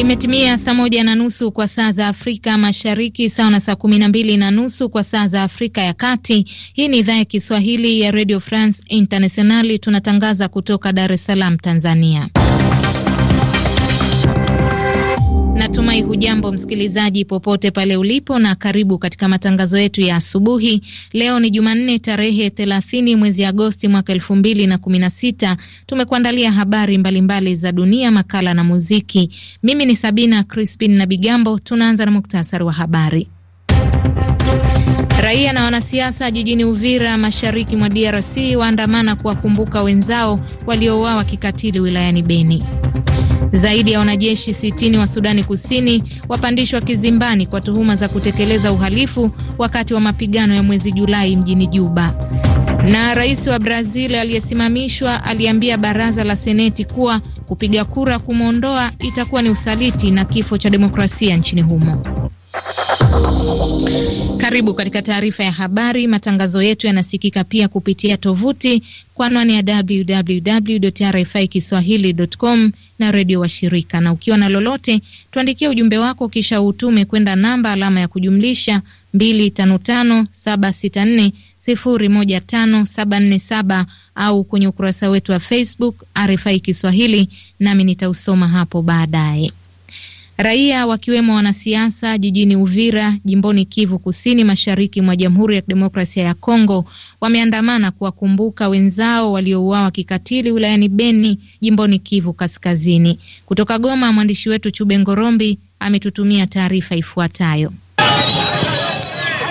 Imetimia saa moja na nusu kwa saa za Afrika Mashariki, sawa na saa kumi na mbili na nusu kwa saa za Afrika ya Kati. Hii ni idhaa ya Kiswahili ya Radio France Internationali, tunatangaza kutoka Dar es Salaam, Tanzania. Natumai hujambo msikilizaji, popote pale ulipo, na karibu katika matangazo yetu ya asubuhi. Leo ni Jumanne, tarehe 30 mwezi Agosti mwaka 2016. Tumekuandalia habari mbalimbali mbali za dunia, makala na muziki. Mimi ni Sabina Crispin na Bigambo. Tunaanza na muktasari wa habari. Raia na wanasiasa jijini Uvira, mashariki mwa DRC, waandamana kuwakumbuka wenzao waliouawa kikatili wilayani Beni. Zaidi ya wanajeshi sitini wa Sudani Kusini wapandishwa kizimbani kwa tuhuma za kutekeleza uhalifu wakati wa mapigano ya mwezi Julai mjini Juba. Na rais wa Brazil aliyesimamishwa aliambia baraza la seneti kuwa kupiga kura kumwondoa itakuwa ni usaliti na kifo cha demokrasia nchini humo. Karibu katika taarifa ya habari. Matangazo yetu yanasikika pia kupitia tovuti kwa anwani ya kiswahilicom na redio washirika, na ukiwa na lolote tuandikia ujumbe wako kisha utume kwenda namba alama ya kujumlisha 255764015747 au kwenye ukurasa wetu wa Facebook RFI Kiswahili, nami nitausoma hapo baadaye. Raia wakiwemo wanasiasa jijini Uvira, jimboni Kivu Kusini, mashariki mwa Jamhuri ya Kidemokrasia ya Kongo, wameandamana kuwakumbuka wenzao waliouawa kikatili wilayani Beni, jimboni Kivu Kaskazini. Kutoka Goma, mwandishi wetu Chube Ngorombi ametutumia taarifa ifuatayo.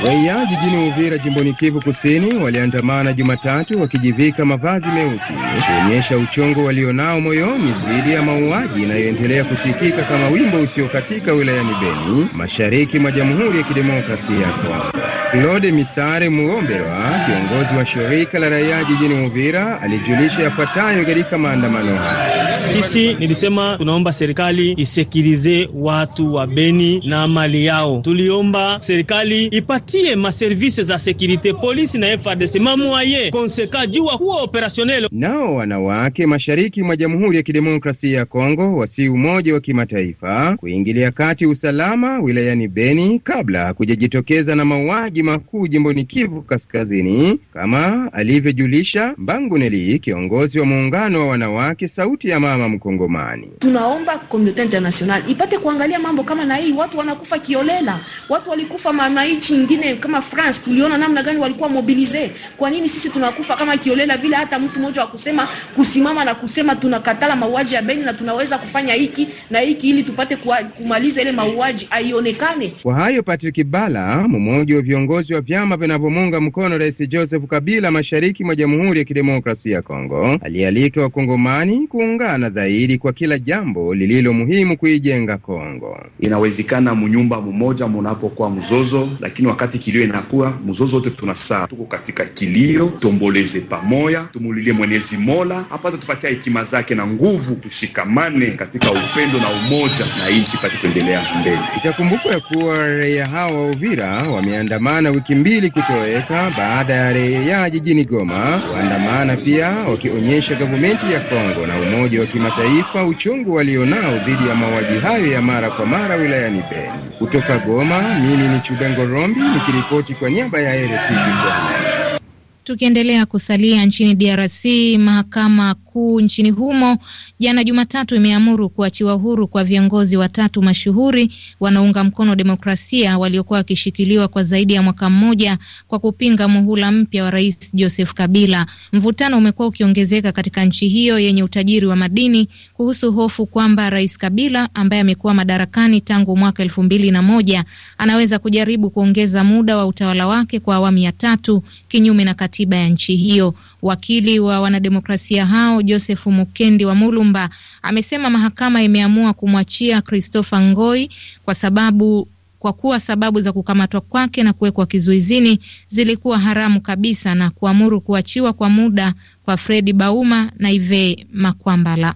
Raia jijini Uvira jimboni Kivu Kusini waliandamana Jumatatu wakijivika mavazi meusi kuonyesha uchungo walionao moyoni dhidi ya mauaji inayoendelea kusikika kama wimbo usiokatika wilayani Beni, mashariki mwa Jamhuri ya Kidemokrasia ya Kongo. Claude Misare Muombewa, kiongozi wa shirika la raia jijini Uvira, alijulisha yafuatayo katika maandamano hayo. Sisi nilisema tunaomba serikali isekirize watu wa Beni na mali yao. Tuliomba serikali ipatie maservise za sekirite, polisi na FARDC mamwaye konseka jua kuwa operasionel. Nao wanawake mashariki mwa Jamhuri ya Kidemokrasia ya Kongo wasi umoja wa kimataifa kuingilia kati usalama wilayani Beni kabla kujajitokeza na mauaji makuu jimboni Kivu Kaskazini, kama alivyojulisha Mbanguneli, kiongozi wa muungano wa wanawake Sauti ya Mama mama Mkongomani. Tunaomba komunote international ipate kuangalia mambo kama na hii, watu wanakufa kiolela, watu walikufa mama nchi ingine kama France, tuliona namna gani walikuwa mobilize. Kwa nini sisi tunakufa kama kiolela vile? Hata mtu mmoja wa kusema kusimama na kusema tunakatala mauaji ya Beni na tunaweza kufanya hiki na hiki ili tupate kuwa, kumaliza ile mauaji aionekane. Kwa hayo Patrick Bala, mmoja wa viongozi wa vyama vinavyomuunga mkono Rais Joseph Kabila mashariki mwa Jamhuri ya Kidemokrasia ya Kongo, alialika wakongomani kuungana na dhahiri kwa kila jambo lililo muhimu kuijenga Kongo. Inawezekana munyumba mmoja munapokuwa mzozo, lakini wakati kilio inakuwa mzozo wote tunasaa, tuko katika kilio, tuomboleze pamoja, tumulilie Mwenyezi Mola apate tupatia hekima zake na nguvu, tushikamane katika upendo na umoja na nchi pati kuendelea mbele. Itakumbukwa ya kuwa raia hawa wa Uvira wameandamana wiki mbili kutoweka baada ya raia jijini Goma kuandamana pia wakionyesha gavumenti ya Kongo na umoja wa kimataifa uchungu walionao dhidi ya mauaji hayo ya mara kwa mara wilayani Beni. Kutoka Goma, mimi ni Chubengo Rombi nikiripoti kwa niaba ya RFI Kiswahili. Tukiendelea kusalia nchini DRC, mahakama kuu nchini humo jana Jumatatu imeamuru kuachiwa huru kwa viongozi watatu mashuhuri wanaunga mkono demokrasia waliokuwa wakishikiliwa kwa zaidi ya mwaka mmoja kwa kupinga muhula mpya wa Rais Joseph Kabila. Mvutano umekuwa ukiongezeka katika nchi hiyo yenye utajiri wa madini kuhusu hofu kwamba Rais Kabila ambaye amekuwa madarakani tangu mwaka elfu mbili na moja anaweza kujaribu kuongeza muda wa utawala wake kwa awamu ya tatu kinyume na katiba ya nchi hiyo. Wakili wa wanademokrasia hao Joseph Mukendi wa Mulumba amesema mahakama imeamua kumwachia Christopher Ngoi kwa sababu kwa kuwa sababu za kukamatwa kwake na kuwekwa kizuizini zilikuwa haramu kabisa na kuamuru kuachiwa kwa muda kwa Fredi Bauma na ive Makwambala.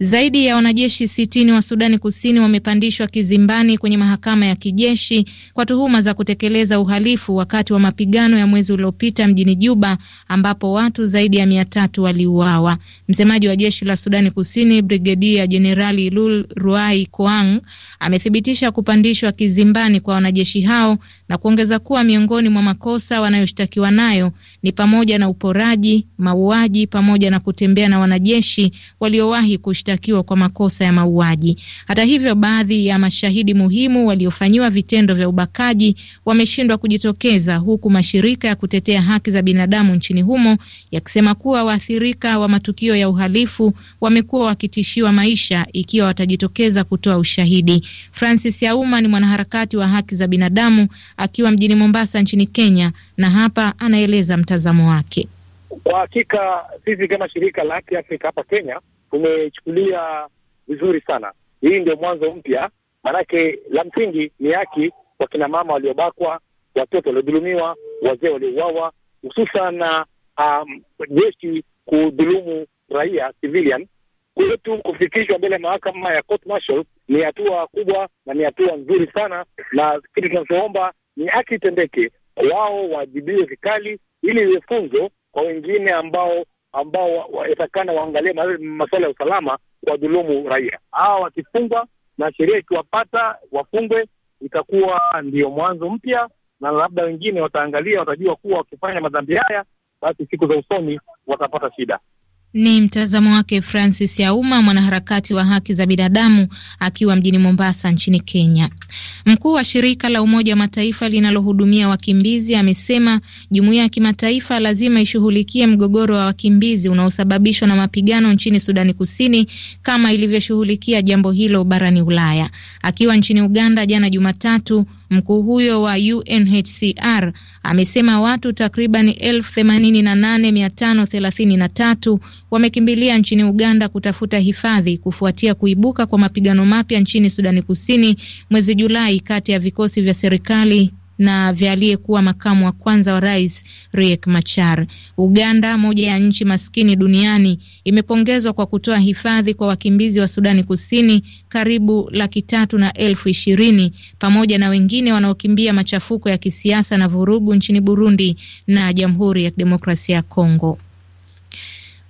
Zaidi ya wanajeshi sitini wa Sudani Kusini wamepandishwa kizimbani kwenye mahakama ya kijeshi kwa tuhuma za kutekeleza uhalifu wakati wa mapigano ya mwezi uliopita mjini Juba ambapo watu zaidi ya mia tatu waliuawa. Msemaji wa jeshi la Sudani Kusini Brigedia Jenerali Lul Ruai Koang amethibitisha kupandishwa kizimbani kwa wanajeshi hao na kuongeza kuwa miongoni mwa makosa wanayoshtakiwa nayo ni pamoja na uporaji, mauaji pamoja na kutembea na wanajeshi waliowahi kushtakiwa kushtakiwa kwa makosa ya mauaji. Hata hivyo, baadhi ya mashahidi muhimu waliofanyiwa vitendo vya ubakaji wameshindwa kujitokeza, huku mashirika ya kutetea haki za binadamu nchini humo yakisema kuwa waathirika wa matukio ya uhalifu wamekuwa wakitishiwa maisha ikiwa watajitokeza kutoa ushahidi. Francis Yauma ni mwanaharakati wa haki za binadamu akiwa mjini Mombasa nchini Kenya, na hapa anaeleza mtazamo wake. Kwa hakika sisi kama shirika la Haki Afrika hapa Kenya tumechukulia vizuri sana. Hii ndio mwanzo mpya, maanake la msingi ni haki kwa kina mama waliobakwa, watoto waliodhulumiwa, wazee waliouawa, hususan na um, jeshi kudhulumu raia civilian. Kwetu kufikishwa mbele ya mahakama ya court martial ni hatua kubwa na ni hatua nzuri sana, na kitu tunachoomba ni haki itendeke, wao wajibiwe vikali, ili iwe funzo kwa wengine ambao ambao watakana waangalie masuala ya usalama, wadhulumu raia hawa. Wakifungwa na sheria ikiwapata wafungwe, itakuwa ndio mwanzo mpya, na labda wengine wataangalia, watajua kuwa wakifanya madhambi haya, basi siku za usoni watapata shida. Ni mtazamo wake Francis Yauma, mwanaharakati wa haki za binadamu akiwa mjini Mombasa nchini Kenya. Mkuu wa shirika la Umoja wa Mataifa linalohudumia wakimbizi amesema jumuiya ya kimataifa lazima ishughulikie mgogoro wa wakimbizi unaosababishwa na mapigano nchini Sudani Kusini kama ilivyoshughulikia jambo hilo barani Ulaya. Akiwa nchini Uganda jana Jumatatu, Mkuu huyo wa UNHCR amesema watu takriban 88533 wamekimbilia nchini Uganda kutafuta hifadhi kufuatia kuibuka kwa mapigano mapya nchini Sudani Kusini mwezi Julai kati ya vikosi vya serikali na vya aliyekuwa makamu wa kwanza wa rais Riek Machar. Uganda, moja ya nchi maskini duniani, imepongezwa kwa kutoa hifadhi kwa wakimbizi wa Sudani Kusini karibu laki tatu na elfu ishirini pamoja na wengine wanaokimbia machafuko ya kisiasa na vurugu nchini Burundi na Jamhuri ya Kidemokrasia ya Kongo.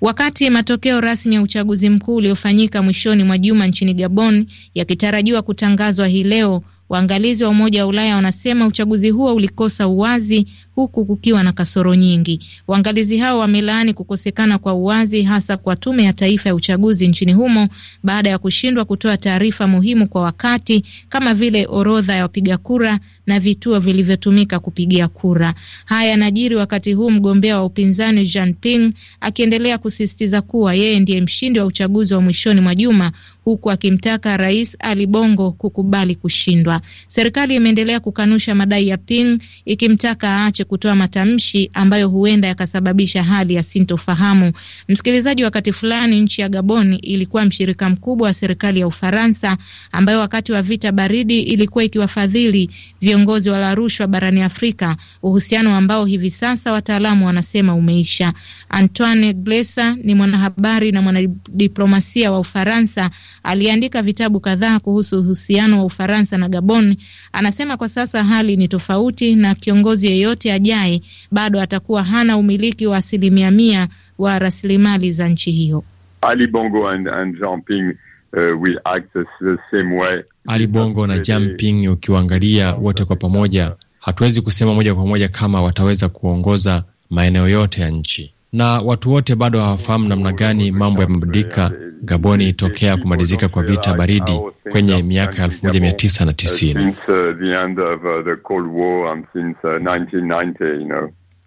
Wakati matokeo rasmi ya uchaguzi mkuu uliofanyika mwishoni mwa juma nchini Gabon yakitarajiwa kutangazwa hii leo, Waangalizi wa Umoja wa Ulaya wanasema uchaguzi huo ulikosa uwazi, huku kukiwa na kasoro nyingi. Waangalizi hao wamelaani kukosekana kwa uwazi, hasa kwa Tume ya Taifa ya Uchaguzi nchini humo baada ya kushindwa kutoa taarifa muhimu kwa wakati, kama vile orodha ya wapiga kura na vituo vilivyotumika kupigia kura. Haya yanajiri wakati huu mgombea wa upinzani Jean Ping akiendelea kusisitiza kuwa yeye ndiye mshindi wa uchaguzi wa mwishoni mwa juma huku akimtaka Rais Ali Bongo kukubali kushindwa. Serikali imeendelea kukanusha madai ya Ping ikimtaka aache kutoa matamshi ambayo huenda yakasababisha hali ya sintofahamu. Msikilizaji, wakati fulani nchi ya Gabon ilikuwa mshirika mkubwa wa serikali ya Ufaransa ambayo wakati wa vita baridi ilikuwa ikiwafadhili viongozi wala rushwa barani Afrika, uhusiano ambao hivi sasa wataalamu wanasema umeisha. Antoine Glesa ni mwanahabari na mwanadiplomasia wa Ufaransa aliyeandika vitabu kadhaa kuhusu uhusiano wa Ufaransa na Gabon. Anasema kwa sasa hali ni tofauti na kiongozi yeyote yajae bado atakuwa hana umiliki wa asilimia mia wa rasilimali za nchi hiyo. Ali Bongo and, and Jinping uh, will act the same way. Ali Bongo na Jinping ukiwaangalia wote kwa pamoja, hatuwezi kusema moja kwa moja kama wataweza kuongoza maeneo yote ya nchi na watu wote bado hawafahamu namna gani mambo yamebadilika Gaboni tokea kumalizika kwa vita baridi kwenye miaka elfu moja mia tisa na tisini.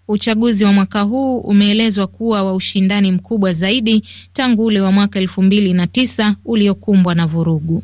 Uchaguzi wa mwaka huu umeelezwa kuwa wa ushindani mkubwa zaidi tangu ule wa mwaka elfu mbili na tisa uliokumbwa na vurugu.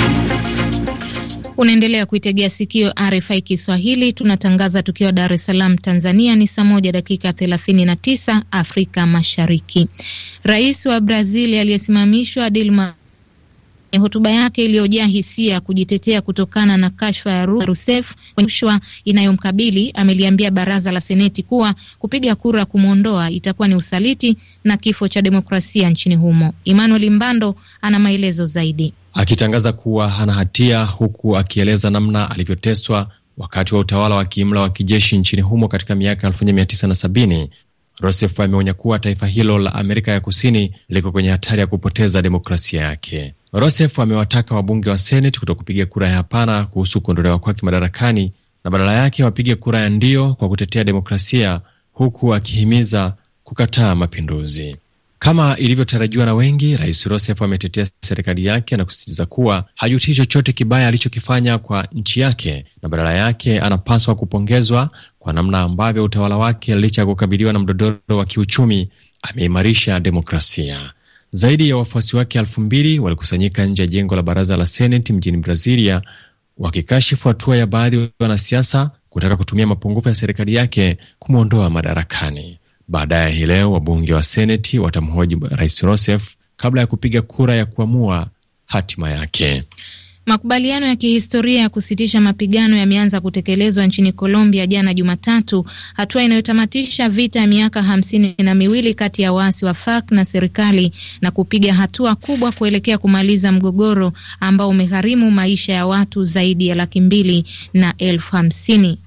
Unaendelea kuitegea sikio RFI Kiswahili, tunatangaza tukiwa Dar es Salaam, Tanzania. Ni saa moja dakika 39 Afrika Mashariki. Rais wa Brazil aliyesimamishwa Dilma hotuba yake iliyojaa hisia kujitetea kutokana na kashfa ya Rousseff rushwa inayomkabili ameliambia baraza la seneti kuwa kupiga kura kumwondoa itakuwa ni usaliti na kifo cha demokrasia nchini humo. Emmanuel Mbando ana maelezo zaidi akitangaza kuwa hana hatia, huku akieleza namna alivyoteswa wakati wa utawala wa kiimla wa kijeshi nchini humo katika miaka 1970. rosef ameonya kuwa taifa hilo la Amerika ya Kusini liko kwenye hatari ya kupoteza demokrasia yake. Rosef amewataka wabunge wa Seneti kuto kupiga kura ya hapana kuhusu kuondolewa kwake madarakani na badala yake wapige kura ya ndio kwa kutetea demokrasia, huku akihimiza kukataa mapinduzi. Kama ilivyotarajiwa na wengi, Rais rosef ametetea serikali yake na kusisitiza kuwa hajutii chochote kibaya alichokifanya kwa nchi yake na badala yake anapaswa kupongezwa kwa namna ambavyo utawala wake, licha ya kukabiliwa na mdodoro wa kiuchumi, ameimarisha demokrasia. Zaidi ya wafuasi wake elfu mbili walikusanyika nje ya jengo la baraza la seneti mjini Brazilia wakikashifu hatua ya baadhi ya wanasiasa kutaka kutumia mapungufu ya serikali yake kumwondoa madarakani. Baadaye hii leo wabunge wa seneti watamhoji Rais Rosef kabla ya kupiga kura ya kuamua hatima yake. Makubaliano ya kihistoria ya kusitisha mapigano yameanza kutekelezwa nchini Colombia jana Jumatatu, hatua inayotamatisha vita ya miaka hamsini na miwili kati ya waasi wa FARC na serikali na kupiga hatua kubwa kuelekea kumaliza mgogoro ambao umegharimu maisha ya watu zaidi ya laki mbili na elfu hamsini.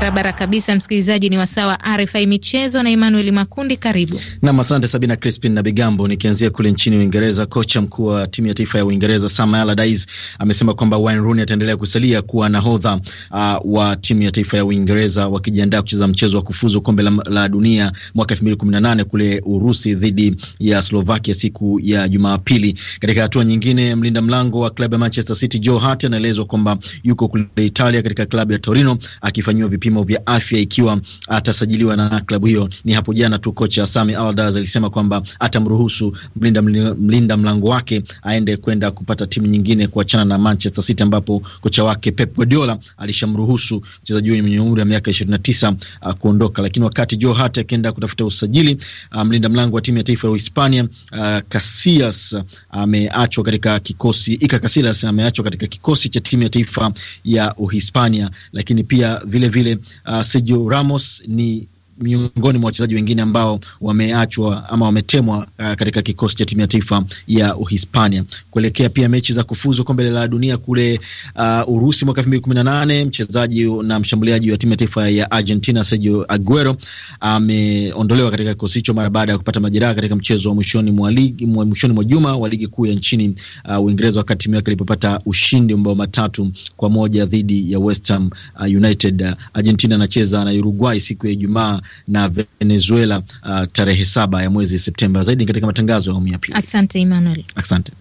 barabara kabisa. Msikilizaji ni wasawa RFI michezo na Emmanuel Makundi, karibu nam. Asante Sabina Crispin na Bigambo. Nikianzia kule nchini Uingereza, kocha mkuu wa timu ya taifa ya Uingereza Sam Allardyce amesema kwamba Wayne Rooney ataendelea kusalia kuwa nahodha uh, wa timu ya taifa ya Uingereza wakijiandaa kucheza mchezo wa kufuzu kombe la, la dunia mwaka elfu mbili kumi na nane kule Urusi dhidi ya Slovakia siku ya Jumapili. Katika hatua nyingine, mlinda mlango wa klabu ya Manchester City Joe Hart anaelezwa kwamba yuko kule Italia katika klabu ya Torino akifanyiwa vipimo vipimo vya afya ikiwa atasajiliwa na klabu hiyo. Ni hapo jana tu kocha Sami Allardyce alisema kwamba atamruhusu mlinda, mlinda mlango wake aende kwenda kupata timu nyingine kuachana na Manchester City ambapo kocha wake Pep Guardiola alishamruhusu mchezaji huyo mwenye umri wa miaka 29 uh, kuondoka. Lakini wakati Joe Hart akienda kutafuta usajili, uh, mlinda mlango wa timu ya taifa ya Uhispania uh, Casillas ameachwa katika kikosi Ika Casillas ameachwa katika kikosi cha timu ya taifa ya Uhispania. Lakini pia vile vile uh, Sergio Ramos ni miongoni mwa wachezaji wengine ambao wameachwa ama wametemwa uh, katika kikosi cha timu ya taifa ya Uhispania kuelekea pia mechi za kufuzu kombe la dunia kule uh, Urusi mwaka 2018. Mchezaji na mshambuliaji wa timu ya taifa ya Argentina Sergio Aguero ameondolewa katika kikosi hicho mara baada ya kupata majeraha katika mchezo wa mwishoni mwa ligi mwishoni mwa juma wa ligi kuu ya nchini uh, Uingereza, wakati timu yake ilipopata ushindi wa mabao matatu kwa moja dhidi ya West Ham uh, United. Argentina anacheza na Uruguay siku ya Ijumaa na Venezuela uh, tarehe saba ya mwezi Septemba. Zaidi katika matangazo ya awamu ya pili. Asante Emmanuel. Asante.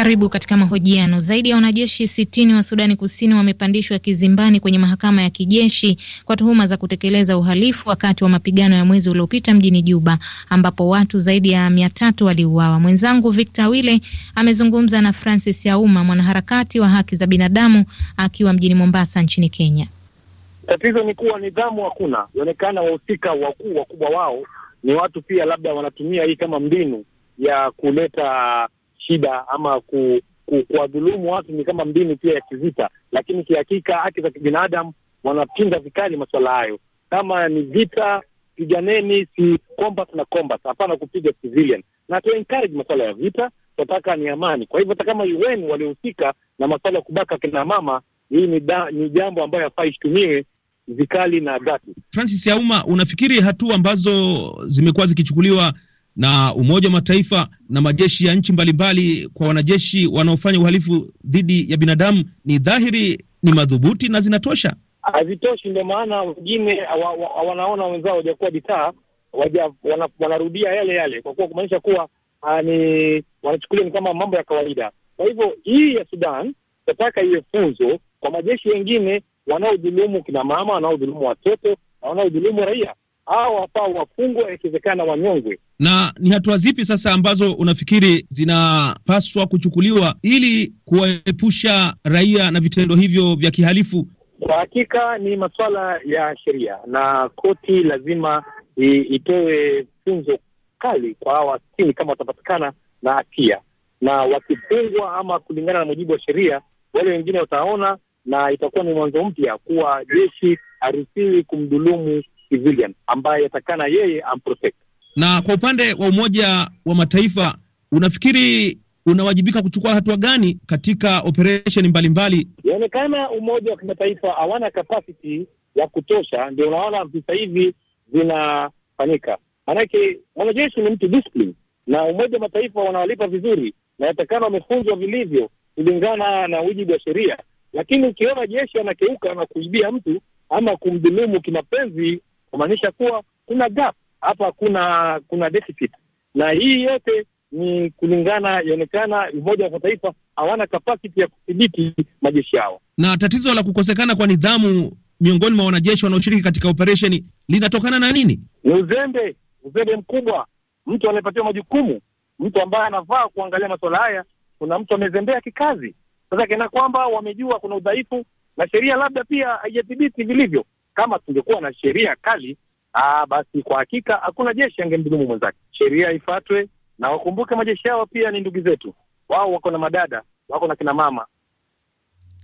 Karibu katika mahojiano. Zaidi ya wanajeshi sitini wa Sudani Kusini wamepandishwa kizimbani kwenye mahakama ya kijeshi kwa tuhuma za kutekeleza uhalifu wakati wa mapigano ya mwezi uliopita mjini Juba, ambapo watu zaidi ya mia tatu waliuawa. Mwenzangu Victor Wile amezungumza na Francis Yauma, mwanaharakati wa haki za binadamu, akiwa mjini Mombasa nchini Kenya. Tatizo ni kuwa nidhamu hakuna, ionekana wahusika wakuu wakubwa wao ni watu pia, labda wanatumia hii kama mbinu ya kuleta shida ama ku, kuwadhulumu watu ni kama mbinu pia ya kivita, lakini kihakika haki za kibinadamu wanapinga vikali masuala hayo. Kama ni vita, piganeni, si combat na combat, hapana kupiga civilian, na tu encourage masuala ya vita. Tunataka ni amani. Kwa hivyo hata kama UN waliohusika na masuala ya kubaka kina mama, hii ni, ni jambo ambayo hafai ishutumiwe vikali na dhati. Francis Auma, unafikiri hatua ambazo zimekuwa zikichukuliwa na Umoja wa Mataifa na majeshi ya nchi mbalimbali kwa wanajeshi wanaofanya uhalifu dhidi ya binadamu ni dhahiri ni madhubuti na zinatosha? Hazitoshi, ndio maana wengine wa, wa, wanaona wenzao wajakuwa bitaa waja, wana, wanarudia yale yale, kwa kuwa kumaanisha kuwa ah, ni wanachukulia ni kama mambo ya kawaida. Kwa hivyo hii ya Sudan nataka iwe funzo kwa majeshi wengine wanaodhulumu kinamama, wanaodhulumu watoto na wanaodhulumu raia au wafaa wafungwa ikiwezekana wanyongwe. Na ni hatua zipi sasa ambazo unafikiri zinapaswa kuchukuliwa ili kuwaepusha raia na vitendo hivyo vya kihalifu? Kwa hakika ni masuala ya sheria na koti lazima itoe funzo kali kwa hawa sitini kama watapatikana na hatia, na wakifungwa ama kulingana na mujibu wa sheria, wale wengine wataona, na itakuwa ni mwanzo mpya kuwa jeshi harusiwi kumdhulumu civilian ambaye atakana yeye amprotect. Na kwa upande wa Umoja wa Mataifa, unafikiri unawajibika kuchukua hatua gani katika operation mbalimbali? Yaonekana Umoja wa Kimataifa hawana capacity ya kutosha, ndio unaona visa hivi vinafanyika. Maanake mwanajeshi ni mtu discipline, na Umoja wa Mataifa wanawalipa vizuri na yatakana wamefunzwa vilivyo kulingana na wajibu wa sheria, lakini ukiona jeshi anakeuka na kuibia mtu ama kumdhulumu kimapenzi kumaanisha kuwa kuna gap hapa, kuna kuna deficit, na hii yote ni kulingana, yaonekana Umoja wa Mataifa hawana kapasiti ya kudhibiti majeshi yao, na tatizo la kukosekana kwa nidhamu miongoni mwa wanajeshi wanaoshiriki katika operesheni linatokana na nini? Ni uzembe, uzembe mkubwa. Mtu anayepatiwa majukumu, mtu ambaye anavaa kuangalia masuala haya, kuna mtu amezembea kikazi. Sasa kana kwamba wamejua kuna udhaifu na sheria labda pia haijadhibiti vilivyo, kama tungekuwa na sheria kali, aa, ah, basi kwa hakika hakuna jeshi angemdhulumu mwenzake. Sheria ifatwe na wakumbuke majeshi yao pia ni ndugu zetu, wao wako na madada, wako na kina mama.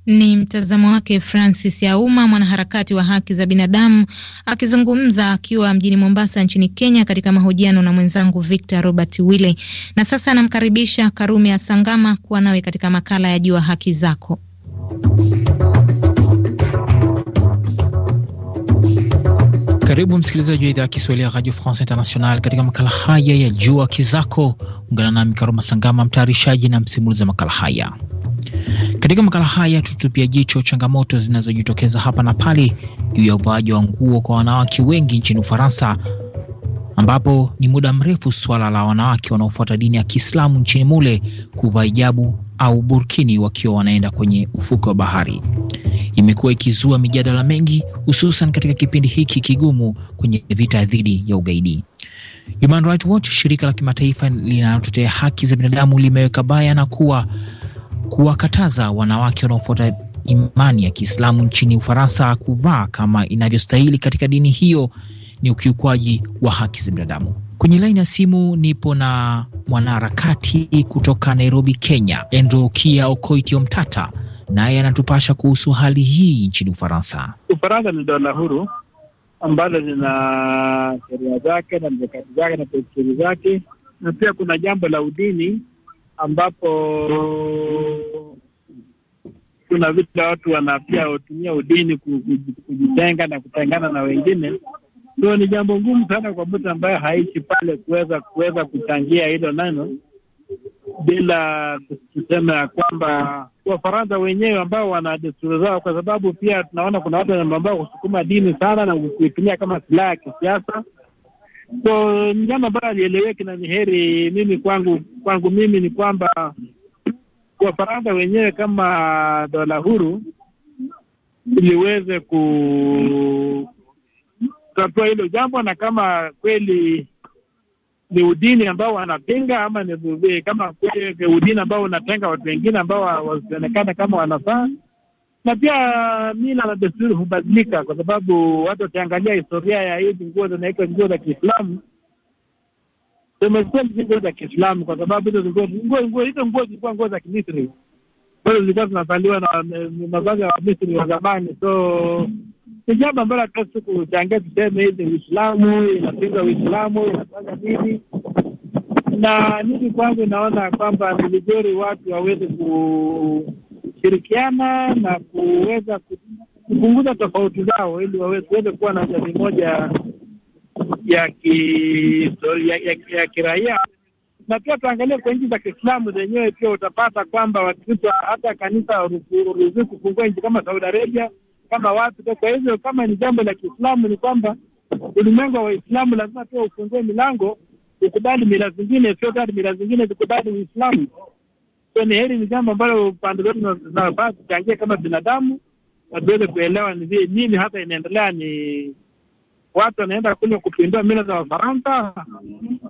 Ni mtazamo wake Francis Yauma, mwanaharakati wa haki za binadamu, akizungumza akiwa mjini Mombasa nchini Kenya, katika mahojiano na mwenzangu Victor Robert Wille. Na sasa anamkaribisha Karume Asangama kuwa nawe katika makala ya Jua Haki Zako. Karibu msikilizaji wa idhaa ya Kiswahili ya Radio France International katika makala haya ya Jua Kizako. Ungana nami Karoma Sangama, mtayarishaji na msimulizi wa makala haya. Katika makala haya tutupia jicho changamoto zinazojitokeza hapa na pale juu ya uvaaji wa nguo kwa wanawake wengi nchini Ufaransa, ambapo ni muda mrefu suala la wanawake wanaofuata dini ya Kiislamu nchini mule kuvaa hijabu au Burkini wakiwa wanaenda kwenye ufuko wa bahari. Imekuwa ikizua mijadala mengi, hususan katika kipindi hiki kigumu kwenye vita dhidi ya ugaidi. Human Rights Watch, shirika la kimataifa linalotetea haki za binadamu, limeweka bayana kuwa kuwakataza wanawake wanaofuata imani ya Kiislamu nchini Ufaransa kuvaa kama inavyostahili katika dini hiyo ni ukiukwaji wa haki za binadamu. Kwenye laini ya simu nipo na mwanaharakati kutoka Nairobi, Kenya, Andrew Kia Okoitio Mtata, naye anatupasha kuhusu hali hii nchini Ufaransa. Ufaransa ni dola huru ambalo lina sheria zake na mikakati zake na desturi zake, na pia kuna jambo la udini ambapo kuna vile watu wanapia hutumia udini kujitenga na kutengana na wengine ndo ni jambo ngumu sana kwa mtu ambaye haishi pale kuweza kuweza kuchangia hilo neno bila kusema ya kwamba Wafaransa wenyewe ambao wana desturi zao, kwa sababu pia tunaona kuna watu ambao husukuma dini sana na kuitumia kama silaha ya kisiasa. So ni jambo ambayo alieleweki, na ni heri mimi kwangu kwangu mimi ni kwamba Wafaransa wenyewe kama dola huru iliweze ku tutatoa hilo jambo, na kama kweli ni udini ambao wanapinga ama ni kama kweli udini ambao unatenga watu wengine ambao wasionekana kama wanafaa. Na pia mila na desturi hubadilika, kwa sababu watu wakiangalia historia ya hizi nguo zinaitwa nguo za Kiislamu zimekuwa nguo za Kiislamu kwa sababu hizo nguo hizo nguo zilikuwa nguo za Kimisri, bado zilikuwa zinavaliwa na eh, mavazi ya Wamisri wa zamani so ni jambo ambalo hatuwezi kuchangia tuseme hizi Uislamu inapinga Uislamu inafanya nini na nini. Kwangu naona kwamba ni vizuri watu waweze kushirikiana na kuweza kupunguza tofauti zao ili waweze kuwa na jamii moja ya ya kiraia na pia tuangalie kwa nchi za Kiislamu zenyewe, pia utapata kwamba Wakristo hata kanisa ruzuku kufungua nchi kama Saudi Arabia kama watu. Kwa hivyo kama ni jambo la Kiislamu ni kwamba ulimwengu wa Waislamu lazima pia ufungue milango, ukubali mila zingine, sio kati mila zingine zikubali Uislamu. So ni heri, ni jambo ambalo pande zote zinafaa kuchangia kama binadamu, na kuelewa ni nini hata inaendelea. Ni watu wanaenda kule kupindua mila za Wafaransa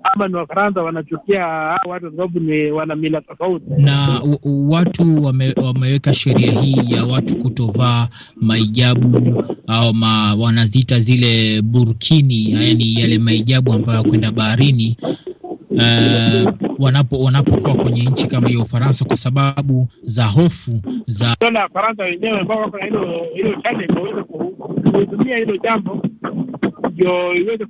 labda ni Wafaransa wanachukia hao watu sababu ni wana mila tofauti. Na watu wame, wameweka sheria hii ya watu kutovaa maijabu au ma, wanazita zile burkini, yani yale maijabu ambayo kwenda baharini Uh, wanapo wanapokuwa kwenye nchi kama hiyo Ufaransa, kwa sababu za hofu za Faransa wenyewe ambao wako na hilo hilo challenge waweze kuhudumia hilo jambo ndio iweze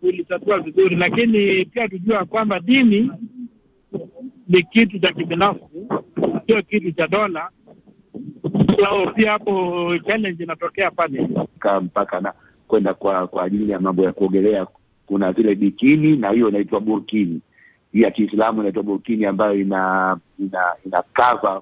kulitatua vizuri, lakini pia tujua kwamba dini ni kitu cha kibinafsi, sio kitu cha dola. So pia hapo challenge inatokea pale mpaka na kwenda kwa kwa ajili ya mambo ya kuogelea, kuna zile bikini na hiyo inaitwa burkini ya Kiislamu inaitwa burkini, ambayo ina ina ina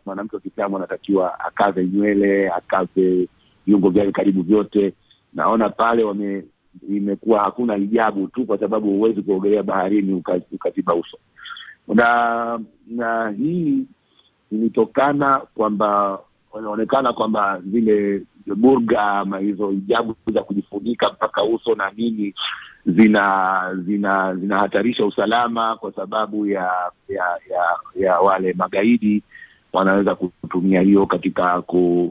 Mwanamke wa Kiislamu anatakiwa akave nywele, akave viungo vyake karibu vyote. Naona pale wame imekuwa hakuna hijabu tu, kwa sababu huwezi kuogelea baharini ukaziba uso. Na na hii ilitokana kwamba inaonekana kwamba zile burga ama hizo hijabu za kujifunika mpaka uso na nini zina zina zinahatarisha usalama kwa sababu ya ya ya, ya wale magaidi wanaweza kutumia hiyo katika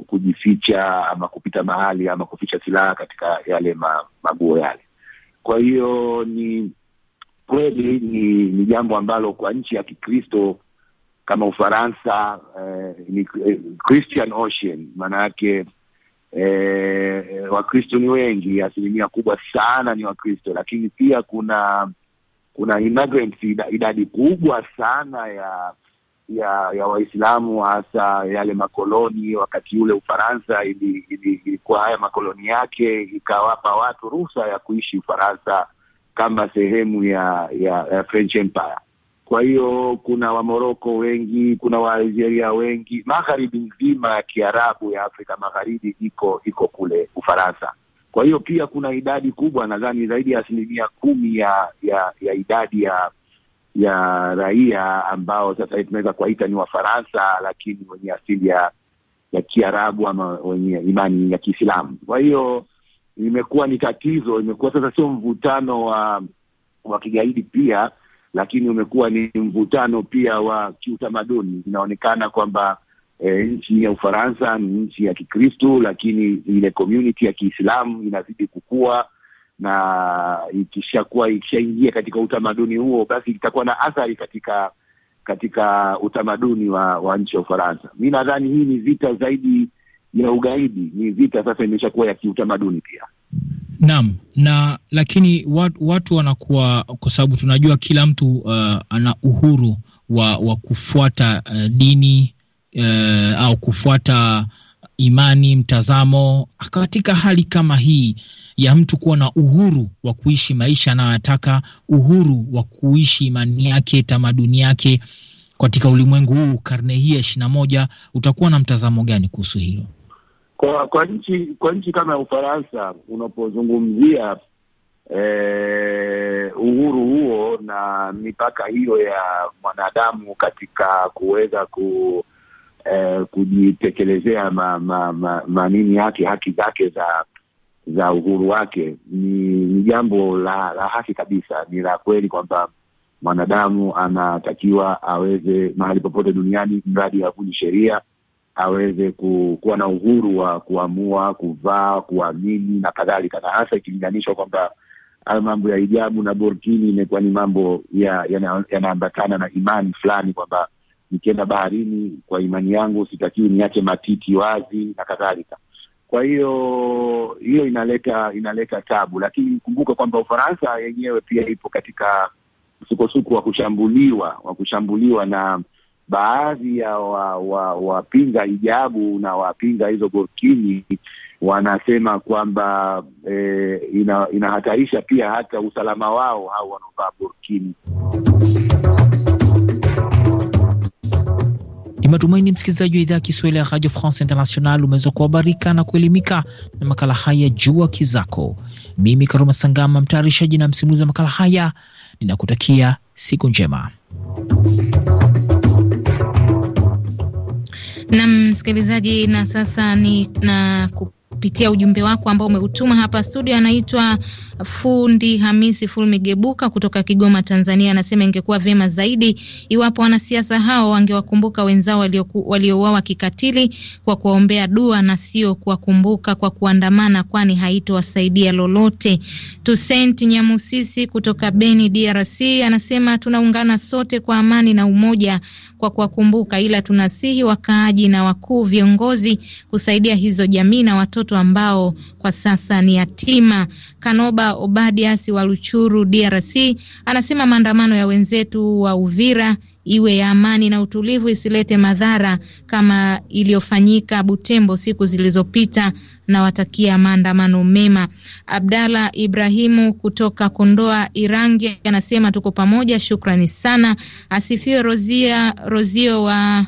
kujificha ama kupita mahali ama kuficha silaha katika yale ma, maguo yale. Kwa hiyo ni kweli ni, ni jambo ambalo kwa nchi ya Kikristo kama Ufaransa eh, ni eh, Christian Ocean, maana yake eh, Wakristo ni wengi, asilimia kubwa sana ni Wakristo, lakini pia kuna kuna immigrants, idadi kubwa sana ya ya ya Waislamu, hasa yale makoloni. Wakati ule Ufaransa ilikuwa haya makoloni yake ikawapa watu ruhusa ya kuishi Ufaransa kama sehemu ya ya, ya French Empire. Kwa hiyo kuna Wamoroko wengi, kuna Waalgeria wengi, magharibi nzima ya Kiarabu ya Afrika Magharibi iko iko kule Ufaransa. Kwa hiyo pia kuna idadi kubwa, nadhani zaidi ya asilimia kumi ya ya idadi ya ya raia ambao sasa hivi tunaweza kuwaita ni Wafaransa, lakini wenye asili ya ya Kiarabu ama wenye imani ya Kiislamu. Kwa hiyo imekuwa ni tatizo, imekuwa sasa sio mvutano wa wa kigaidi pia, lakini umekuwa ni mvutano pia wa kiutamaduni. Inaonekana kwamba e, nchi ya Ufaransa ni nchi ya Kikristo, lakini ile community ya Kiislamu inazidi kukua na ikishakuwa ikishaingia katika utamaduni huo, basi itakuwa na athari katika katika utamaduni wa, wa nchi ya Ufaransa. Mi nadhani hii ni vita zaidi ya ugaidi, ni vita sasa imeshakuwa ya kiutamaduni pia. Naam, na lakini watu, watu wanakuwa kwa sababu tunajua kila mtu uh, ana uhuru wa, wa kufuata uh, dini uh, au kufuata imani, mtazamo. Katika hali kama hii ya mtu kuwa na uhuru wa kuishi maisha anayotaka, uhuru wa kuishi imani yake, tamaduni yake, katika ulimwengu huu karne hii ya ishirini na moja, utakuwa na mtazamo gani kuhusu hilo? Kwa, kwa nchi kwa nchi kama ya Ufaransa unapozungumzia eh, uhuru huo na mipaka hiyo ya mwanadamu katika kuweza ku eh, kujitekelezea ma, ma, ma, manini yake haki zake za za uhuru wake ni, ni jambo la, la haki kabisa, ni la kweli kwamba mwanadamu anatakiwa aweze mahali popote duniani, mradi havunji sheria, aweze ku, kuwa na uhuru wa kuamua, kuvaa, kuamini na kadhalika, na hasa ikilinganishwa kwamba hayo mambo ya hijabu na borkini imekuwa ni mambo yanaambatana ya na, ya na imani fulani kwamba nikienda baharini, kwa imani yangu sitakiwi niache matiti wazi na kadhalika. Kwa hiyo hiyo inaleta inaleta tabu, lakini kumbuka kwamba Ufaransa yenyewe pia ipo katika msukosuko wa kushambuliwa wa kushambuliwa na baadhi ya wapinga wa, wa hijabu na wapinga hizo gorkini wanasema kwamba e, inahatarisha ina pia hata usalama wao hao wanaovaa burkini. Ni matumaini msikilizaji wa idhaa ya Kiswahili ya Radio France International umeweza kuhabarika na kuelimika na makala haya Jua Kizako. Mimi Karuma Sangama, mtayarishaji na msimulizi wa makala haya, ninakutakia siku njema. Nam msikilizaji, na sasa ni na kupitia ujumbe wako ambao umeutuma hapa studio. Anaitwa Fundi Hamisi Fulmigebuka kutoka Kigoma, Tanzania. Anasema ingekuwa vyema zaidi iwapo wanasiasa hao wangewakumbuka wenzao waliouawa kikatili kwa kuwaombea dua na sio kuwakumbuka kwa kuandamana, kwani haitowasaidia lolote. Tusent Nyamusisi kutoka Beni, DRC anasema tunaungana sote kwa amani na umoja kwa kuwakumbuka, ila tunasihi wakaaji na wakuu viongozi kusaidia hizo jamii na watoto watoto ambao kwa sasa ni yatima. Kanoba Obadias wa Luchuru, DRC, anasema maandamano ya wenzetu wa Uvira iwe ya amani na utulivu, isilete madhara kama iliyofanyika Butembo siku zilizopita, na watakia maandamano mema. abdala Ibrahimu kutoka Kondoa Irangi anasema tuko pamoja, shukrani sana. Asifiwe Rozia Rozio wa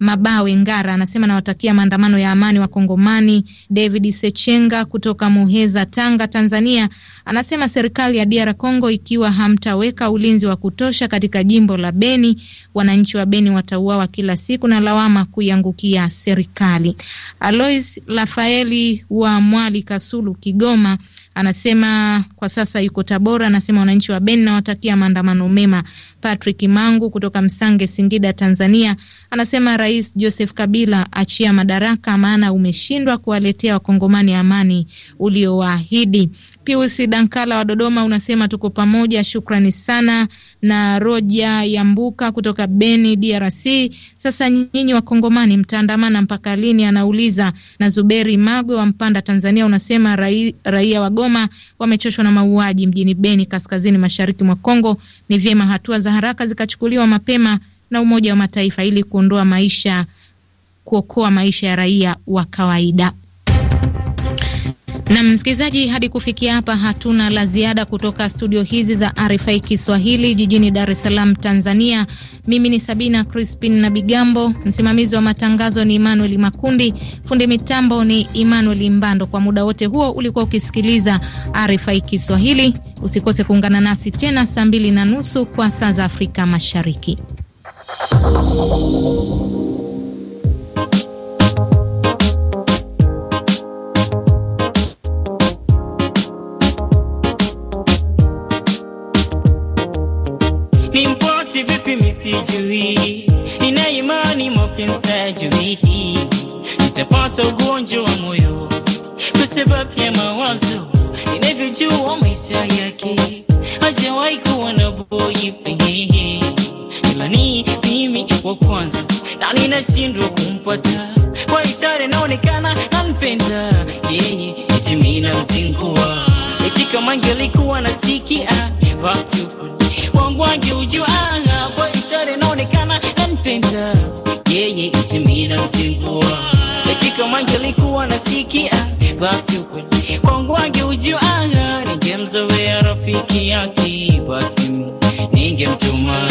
Mabawe Ngara anasema nawatakia maandamano ya amani wa Kongomani. David Sechenga kutoka Muheza, Tanga, Tanzania anasema serikali ya DR Congo, ikiwa hamtaweka ulinzi wa kutosha katika jimbo la Beni, wananchi wa Beni watauawa kila siku na lawama kuiangukia serikali. Alois Rafaeli wa Mwali Kasulu, Kigoma anasema kwa sasa yuko Tabora. Anasema wananchi wa Beni nawatakia maandamano mema. Patrick Mangu kutoka Msange, Singida, Tanzania anasema Rais Joseph Kabila achia madaraka, maana umeshindwa kuwaletea Wakongomani amani uliowaahidi. Pius Dankala wa Dodoma unasema tuko pamoja, shukrani sana. Na Roja Yambuka kutoka Beni, DRC, sasa nyinyi Wakongomani mtaandamana mpaka lini? Anauliza. Na Zuberi Magwe wa Mpanda, Tanzania, unasema raia, raia wa Goma wamechoshwa na mauaji mjini Beni, kaskazini mashariki mwa Kongo. Ni vyema hatua za haraka zikachukuliwa mapema na Umoja wa Mataifa ili kuondoa maisha, kuokoa maisha ya raia wa kawaida. Na msikilizaji, hadi kufikia hapa hatuna la ziada kutoka studio hizi za RFI Kiswahili jijini Dar es Salaam, Tanzania. Mimi ni Sabina Crispin na Bigambo, msimamizi wa matangazo ni Emmanuel Makundi, fundi mitambo ni Emmanuel Mbando. Kwa muda wote huo ulikuwa ukisikiliza RFI Kiswahili. Usikose kuungana nasi tena saa mbili na nusu kwa saa za Afrika Mashariki. ni mpoti vipi misijui, nina imani mapenzi nitapata ugonjwa wa moyo kwa sababu ya mawazo, ninavyojua maisha yake hajawahi kuwa na boyfriend, ila ni mimi wa kwanza na ninashindwa kumpata kwa ishara inaonekana anpenda yeye, eti mina mzingua, eti kama nasikia basi Mungu angeujua kwa ishara inaonekana anipenda yeye, itimira msingua dakika mwanja likuwa nasikia, basi ukweli kwangu angeujua ningemzoea rafiki yake, basi ningemtuma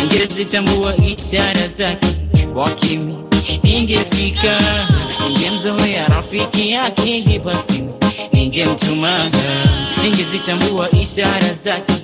ningezitambua ishara zake kwa kimya ningefika ningemzoea rafiki yake, basi ningemtuma ningezitambua ishara zake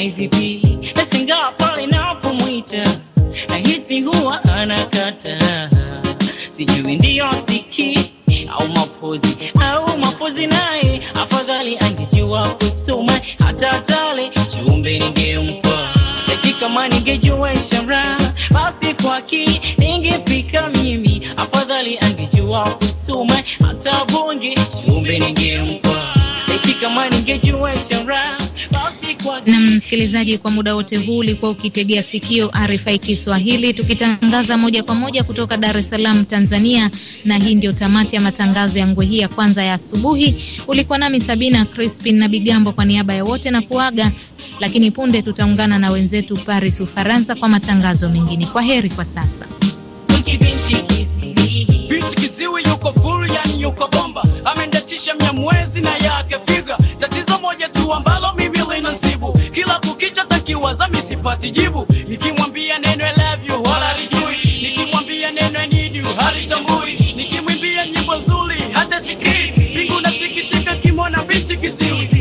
naye vipi? Basi ingawa pale napomwita nahisi huwa anakata sijui ndiyo siki au mapozi au mapozi, naye afadhali angejua kusoma hata tale chumbe ningempa kama ningejua ishara basi kwaki ningefika mimi, afadhali angejua kusoma hata bonge chumbe ningempa. Eti kama ningejua ishara na msikilizaji, kwa muda wote huu ulikuwa ukitegea sikio RFI Kiswahili tukitangaza moja kwa moja kutoka Dar es Salaam, Tanzania, na hii ndio tamati ya matangazo ya ngwe hii ya kwanza ya asubuhi. Ulikuwa nami Sabina Crispin na Bigambo kwa niaba ya wote na kuaga, lakini punde tutaungana na wenzetu Paris, Ufaransa, kwa matangazo mengine. Kwa heri kwa sasa. Binti kiziwi yuko full, yani yuko bomba, amendatisha mnyamwezi na yake figa moja tu ambalo mimi linanisibu, kila kukicha takiwa za misipati jibu, nikimwambia neno I love you wala halijui, nikimwambia neno I need you halitambui, nikimwimbia nyimbo nzuri hata sikii, mbingu nasikitika kimona binti kiziwi